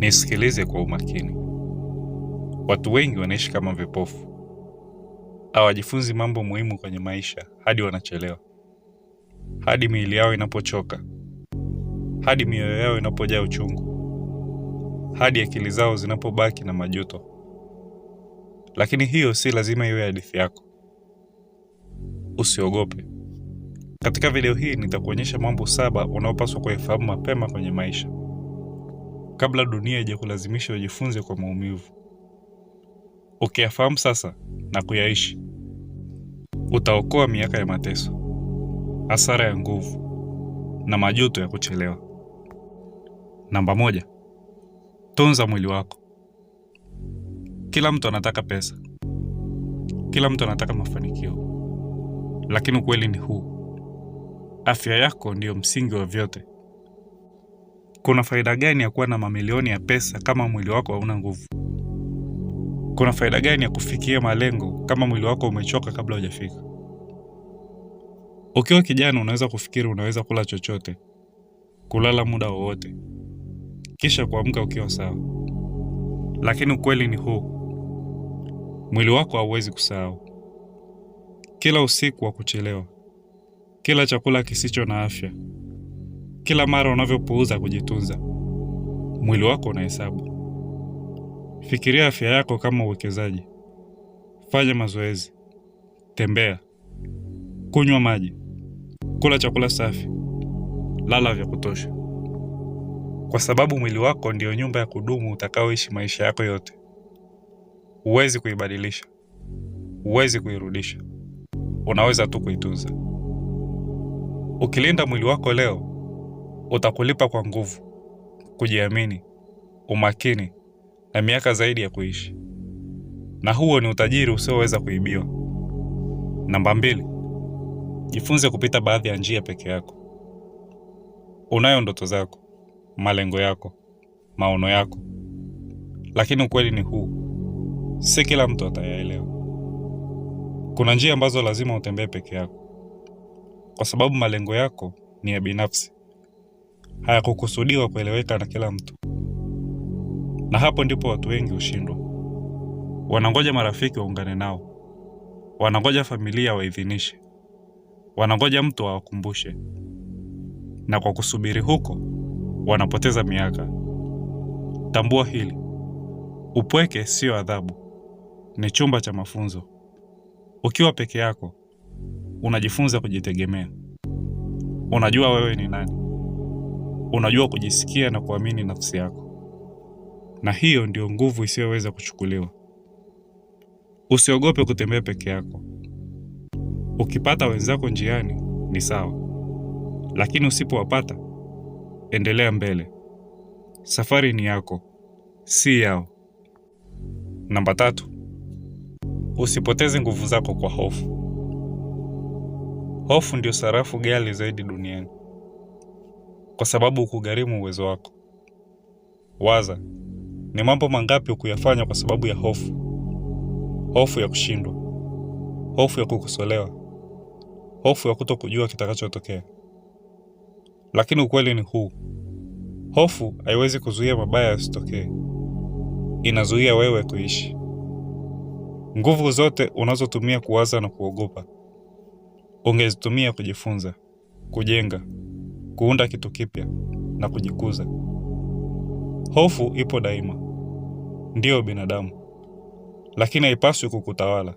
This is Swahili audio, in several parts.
Nisikilize kwa umakini. Watu wengi wanaishi kama vipofu, hawajifunzi mambo muhimu kwenye maisha hadi wanachelewa, hadi miili yao inapochoka, hadi mioyo yao inapojaa uchungu, hadi akili zao zinapobaki na majuto. Lakini hiyo si lazima iwe hadithi yako. Usiogope. Katika video hii nitakuonyesha mambo saba unaopaswa kuyafahamu mapema kwenye maisha kabla dunia kulazimisha ujifunze kwa maumivu. Ukiyafahamu sasa na kuyaishi, utaokoa miaka ya mateso, hasara ya nguvu na majuto ya kuchelewa. Namba moja: tunza mwili wako. Kila mtu anataka pesa, kila mtu anataka mafanikio, lakini ukweli ni huu: afya yako ndiyo msingi wa vyote. Kuna faida gani ya kuwa na mamilioni ya pesa kama mwili wako hauna nguvu? Kuna faida gani ya kufikia malengo kama mwili wako umechoka kabla hujafika? Ukiwa kijana, unaweza kufikiri unaweza kula chochote, kulala muda wowote, kisha kuamka ukiwa sawa. Lakini ukweli ni huu: mwili wako hauwezi kusahau. Kila usiku wa kuchelewa, kila chakula kisicho na afya kila mara unavyopuuza kujitunza. Mwili wako unahesabu. Fikiria afya yako kama uwekezaji. Fanya mazoezi, tembea, kunywa maji, kula chakula safi, lala vya kutosha, kwa sababu mwili wako ndiyo nyumba ya kudumu utakaoishi maisha yako yote. Huwezi kuibadilisha, huwezi kuirudisha, unaweza tu kuitunza. Ukilinda mwili wako leo utakulipa kwa nguvu, kujiamini, umakini na miaka zaidi ya kuishi, na huo ni utajiri usioweza kuibiwa. Namba mbili, jifunze kupita baadhi ya njia peke yako. Unayo ndoto zako, malengo yako, maono yako, lakini ukweli ni huu, si kila mtu atayaelewa. Kuna njia ambazo lazima utembee peke yako, kwa sababu malengo yako ni ya binafsi hayakukusudiwa kueleweka na kila mtu, na hapo ndipo watu wengi hushindwa. Wanangoja marafiki waungane nao, wanangoja familia waidhinishe, wanangoja mtu awakumbushe, na kwa kusubiri huko wanapoteza miaka. Tambua hili, upweke sio adhabu, ni chumba cha mafunzo. Ukiwa peke yako unajifunza kujitegemea, unajua wewe ni nani unajua kujisikia na kuamini nafsi yako, na hiyo ndio nguvu isiyoweza kuchukuliwa. Usiogope kutembea peke yako. Ukipata wenzako njiani ni sawa, lakini usipowapata, endelea mbele. Safari ni yako, si yao. Namba tatu, usipoteze nguvu zako kwa hofu. Hofu ndio sarafu ghali zaidi duniani kwa sababu hukugharimu uwezo wako. Waza, ni mambo mangapi hukuyafanya kwa sababu ya hofu? Hofu ya kushindwa, hofu ya kukosolewa, hofu ya kutokujua kitakachotokea. Lakini ukweli ni huu: hofu haiwezi kuzuia mabaya yasitokee, inazuia wewe kuishi. Nguvu zote unazotumia kuwaza na kuogopa ungezitumia kujifunza, kujenga kuunda kitu kipya na kujikuza. Hofu ipo daima, ndiyo binadamu, lakini haipaswi kukutawala.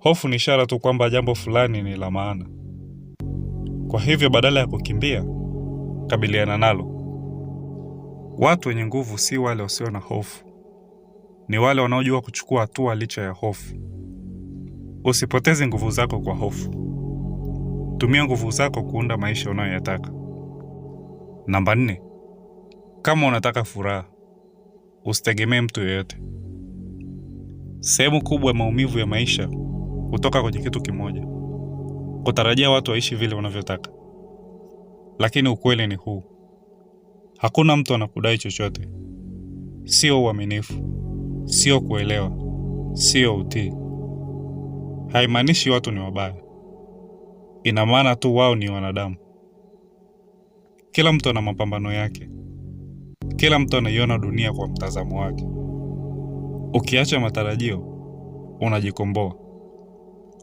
Hofu ni ishara tu kwamba jambo fulani ni la maana. Kwa hivyo, badala ya kukimbia, kabiliana nalo. Watu wenye nguvu si wale wasio na hofu, ni wale wanaojua kuchukua hatua licha ya hofu. Usipoteze nguvu zako kwa hofu tumia nguvu zako kuunda maisha unayoyataka. Namba nne, kama unataka furaha, usitegemee mtu yeyote. Sehemu kubwa ya maumivu ya maisha hutoka kwenye kitu kimoja, kutarajia watu waishi vile wanavyotaka. Lakini ukweli ni huu: hakuna mtu anakudai chochote. Sio uaminifu, sio kuelewa, sio utii. Haimaanishi watu ni wabaya, ina maana tu wao ni wanadamu. Kila mtu ana mapambano yake, kila mtu anaiona dunia kwa mtazamo wake. Ukiacha matarajio, unajikomboa,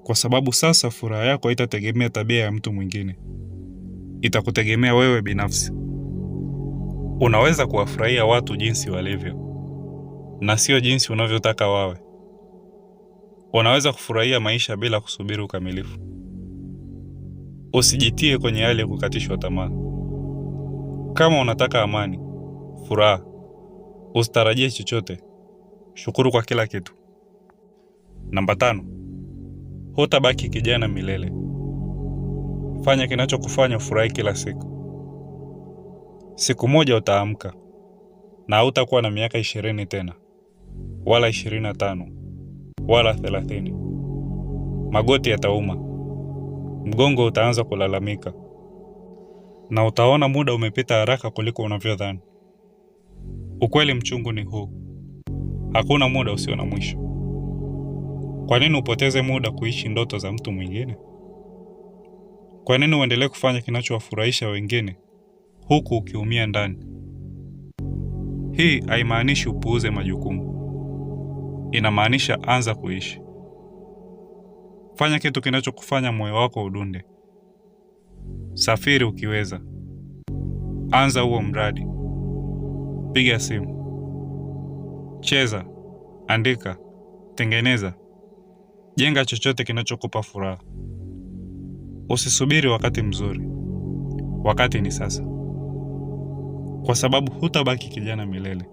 kwa sababu sasa furaha yako haitategemea tabia ya mtu mwingine, itakutegemea wewe binafsi. Unaweza kuwafurahia watu jinsi walivyo na sio jinsi unavyotaka wawe. Unaweza kufurahia maisha bila kusubiri ukamilifu. Usijitie kwenye hali ya kukatishwa tamaa. Kama unataka amani, furaha, usitarajie chochote, shukuru kwa kila kitu. Namba tano, hutabaki kijana milele. Fanya kinachokufanya ufurahi kila siku. Siku moja utaamka na hautakuwa na miaka ishirini tena wala ishirini na tano wala thelathini. Magoti yatauma mgongo utaanza kulalamika na utaona muda umepita haraka kuliko unavyodhani. Ukweli mchungu ni huu: hakuna muda usio na mwisho. Kwa nini upoteze muda kuishi ndoto za mtu mwingine? Kwa nini uendelee kufanya kinachowafurahisha wengine huku ukiumia ndani? Hii haimaanishi upuuze majukumu, inamaanisha anza kuishi. Fanya kitu kinachokufanya moyo wako udunde. Safiri ukiweza, anza huo mradi, piga simu, cheza, andika, tengeneza, jenga chochote kinachokupa furaha. Usisubiri wakati mzuri, wakati ni sasa, kwa sababu hutabaki kijana milele,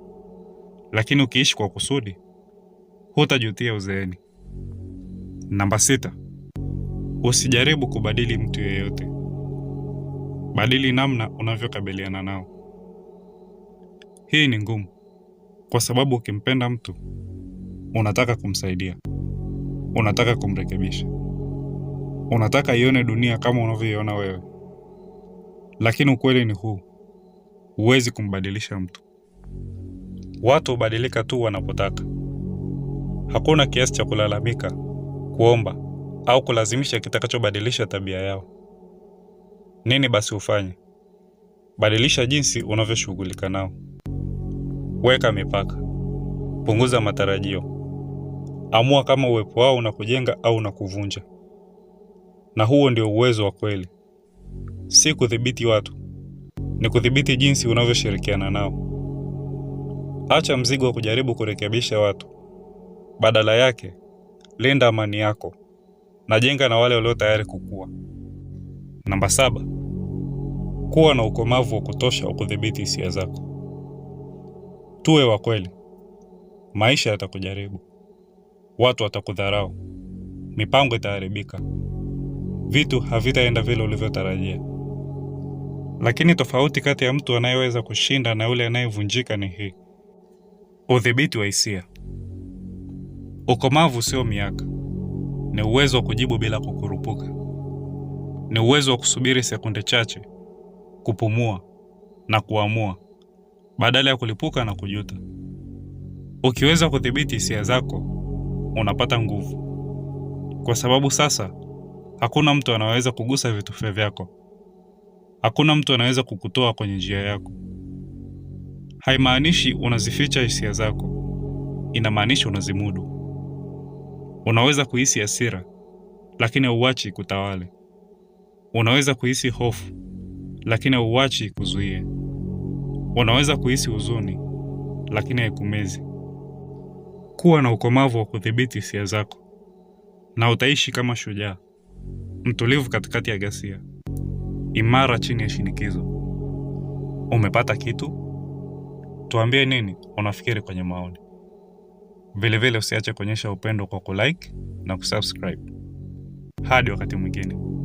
lakini ukiishi kwa kusudi hutajutia uzeeni. Namba sita, usijaribu kubadili mtu yeyote, badili namna unavyokabiliana nao. Hii ni ngumu kwa sababu ukimpenda mtu unataka kumsaidia, unataka kumrekebisha, unataka ione dunia kama unavyoiona wewe. Lakini ukweli ni huu, huwezi kumbadilisha mtu. Watu hubadilika tu wanapotaka. Hakuna kiasi cha kulalamika kuomba au kulazimisha kitakachobadilisha tabia yao. Nini basi ufanye? Badilisha jinsi unavyoshughulika nao. Weka mipaka, punguza matarajio, amua kama uwepo wao unakujenga au unakuvunja. Na huo ndio uwezo wa kweli, si kudhibiti watu, ni kudhibiti jinsi unavyoshirikiana nao. Acha mzigo wa kujaribu kurekebisha watu, badala yake linda amani yako na jenga na wale walio tayari kukua. Namba saba, kuwa na ukomavu wa kutosha wa kudhibiti hisia zako. Tuwe wa kweli. Maisha yatakujaribu, watu watakudharau, mipango itaharibika, vitu havitaenda vile ulivyotarajia. Lakini tofauti kati ya mtu anayeweza kushinda na yule anayevunjika ni hii: udhibiti wa hisia. Ukomavu sio miaka, ni uwezo wa kujibu bila kukurupuka, ni uwezo wa kusubiri sekunde chache, kupumua na kuamua badala ya kulipuka na kujuta. Ukiweza kudhibiti hisia zako, unapata nguvu, kwa sababu sasa hakuna mtu anaweza kugusa vitufe vyako, hakuna mtu anaweza kukutoa kwenye njia yako. Haimaanishi unazificha hisia zako, inamaanisha unazimudu. Unaweza kuhisi hasira, lakini hauachi kutawale. Unaweza kuhisi hofu, lakini hauachi kuzuie. Unaweza kuhisi huzuni, lakini haikumezi. Kuwa na ukomavu wa kudhibiti hisia zako, na utaishi kama shujaa, mtulivu katikati ya ghasia, imara chini ya shinikizo. Umepata kitu? Tuambie nini unafikiri kwenye maoni. Vilevile usiache kuonyesha upendo kwa kulike na kusubscribe. Hadi wakati mwingine.